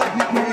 Fatima.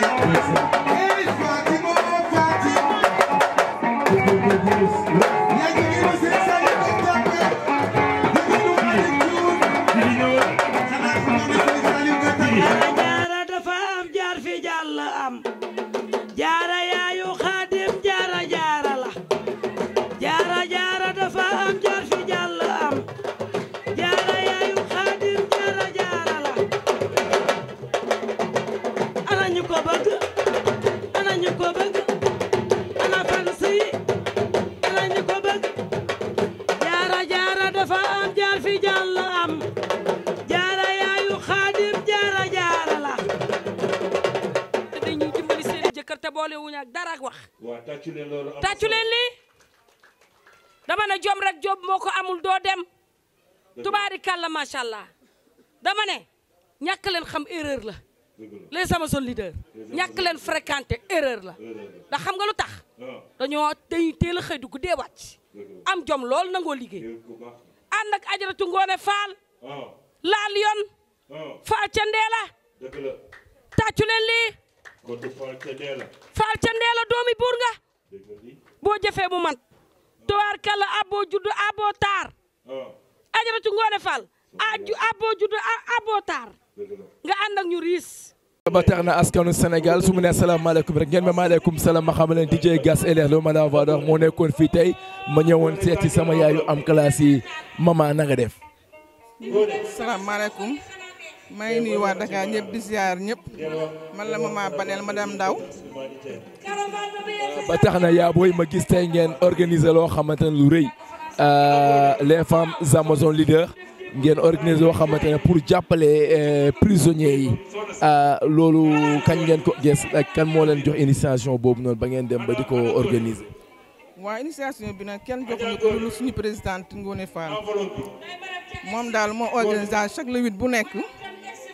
boole wuñ ak dara wax. waaw tàccu leen lii. dama ne jom rek jom moo ko amul doo dem. tubaari kàlla macha allah dama ne ñàkk leen xam erreur la. les sama son leader ñàkk leen fréquenté erreur la ndax xam nga lu tax dañoo dañuy teel a xëy dugg dee wàcc am jom lool nangoo liggéey ànd ak ajaratu ngoone faal laal yoon faal ca ndee lii faal ca ndeela doomi buur nga boo jëfee mu man tuwaar kala aboo juddu aboo taar oh. ajaratu ngoone faal aboo juddu aboo taar nga ànd ñu riis ba tax na askanu Sénégal su mu nee salaamaaleykum rek ngeen ma maaleykum salaam xam leen DJ Gas Elher Lo ma la Vador moo nekkoon fii tey ma ñëwoon seeti sama yaayu am classe yi mama na nga def maa ngi nuyu waa Dakar ñëpp di ziar ñëpp man la maman Banel madame Ndaw ba tax na yaa booy ma gis tey ngeen organiser loo xamante ne lu rëy euh, les femmes Amazon leader ngeen organiser loo xamante pour jàppale euh, prisonniers yi euh, loolu kañ ngeen ko gis ak kan moo leen jox initiation boobu noonu ba ngeen dem ba di ko organiser. waa initiation bi nag kenn joxuñu ko suñu présidente ngoone Fall moom daal moo organiser chaque le huit bu nekk.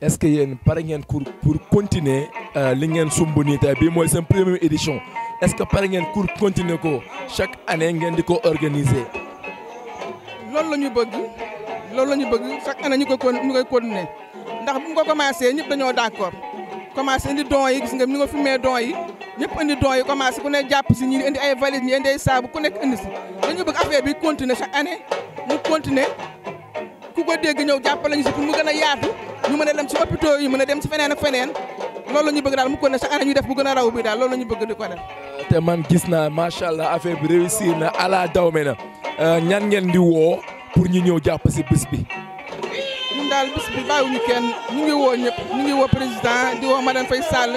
est ce que yéen pare ngeen pour pour continuer euh, li ngeen sumb nii tey bii mooy première édition est ce que pare ngeen pour continuer ko chaque année ngeen di organiser. loolu la ñu bëgg loolu la ñu bëgg chaque année ñu koy ñu koy continuer ndax bu ñu ko commencé ñëpp dañoo d'accord accord commencé indi don yi gis nga ni nga fumé don yi ñëpp indi don yi commencé ku ne japp ci ñi indi ay valise ñi indi ay saabu ku nekk indi ci dañu bëgg affaire bi continuer chaque année mu continuer ku ko dégg ñëw japp lañu ci pour mu gëna yaatu. ñu mën a dem ci hôpitaux yi mën a dem ci feneen ak feneen loolu la ñu bëgg daal mu ko ne chaque année ñu def bu gën a raw bi daal loolu la ñu bëgg di ko def. te man gis naa macha allah affaire bi réussir na ala dawme na euh, ñan ngeen di woo pour ñu ñëw jàpp si bis bi. ñun daal bis bi bàyyiwuñu kenn ñu ngi woo ñëpp ñu ngi woo président di woo madame Faye Sall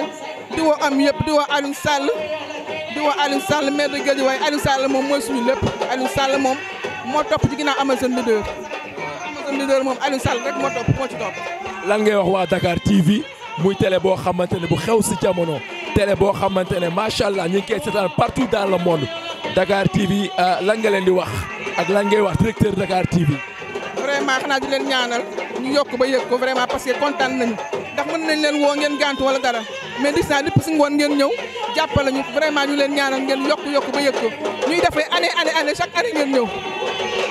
di woo am yëpp di woo Aliou sàll di woo Aliou Sall maire de Guédiawaye Aliou Sall moom mooy suñu lépp Aliou Sall moom moo topp ci ginnaaw Amazone leader Amazone leader moom Aliou Sall rek moo topp moo ci lan ngay wax waa Dakar TV muy télé boo xamante ne bu xew si jamono télé boo xamante ne macha allah ñu ngi koy seetaan partout dans le monde Dakar TV euh, lan nga leen di wax ak lan ngay wax directeur Dakar TV. vraiment xanaa di leen ñaanal ñu yokk ba yëg ko vraiment parce que kontaan nañu ndax mën nañ leen woo ngeen gàntu wala dara mais gis naa lépp si ngoon ngeen ñëw jàppale ñu vraiment ñu leen ñaanal ngeen yokk yokk ba yëg ko ñuy def année année année chaque année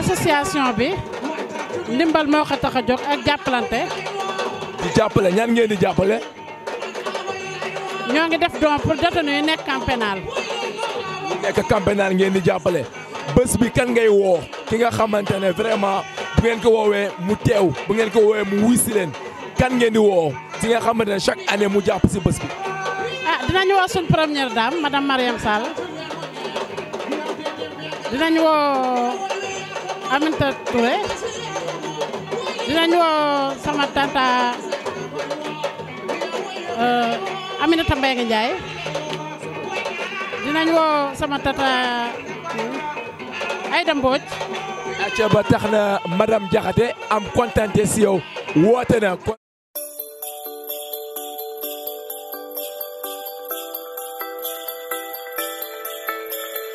association bi ndimbal moo ko tax ak jàppalante. di jàppale ñan ngeen di jàppale. ñoo ngi def don pour détenu yi nekk camp pénal. nekk camp ngeen di jàppale bés bi kan ngay woo ki nga xamante ne vraiment bu ngeen ko woowe mu teew bu ngeen ko woowe mu wuy si leen kan ngeen di woo ki nga xamante ne chaque année mu jàpp si bés bi. ah dinañu woo suñu première dame madame Mariam Sall dinañu woo. Aminata Touré dinañu woo sama tanta euh, Aminata Mbengue Ndiaye dinañu woo sama tata Aïda Mbodj. acca ba tax na madame Diakhaté am kontaan si yow woote na.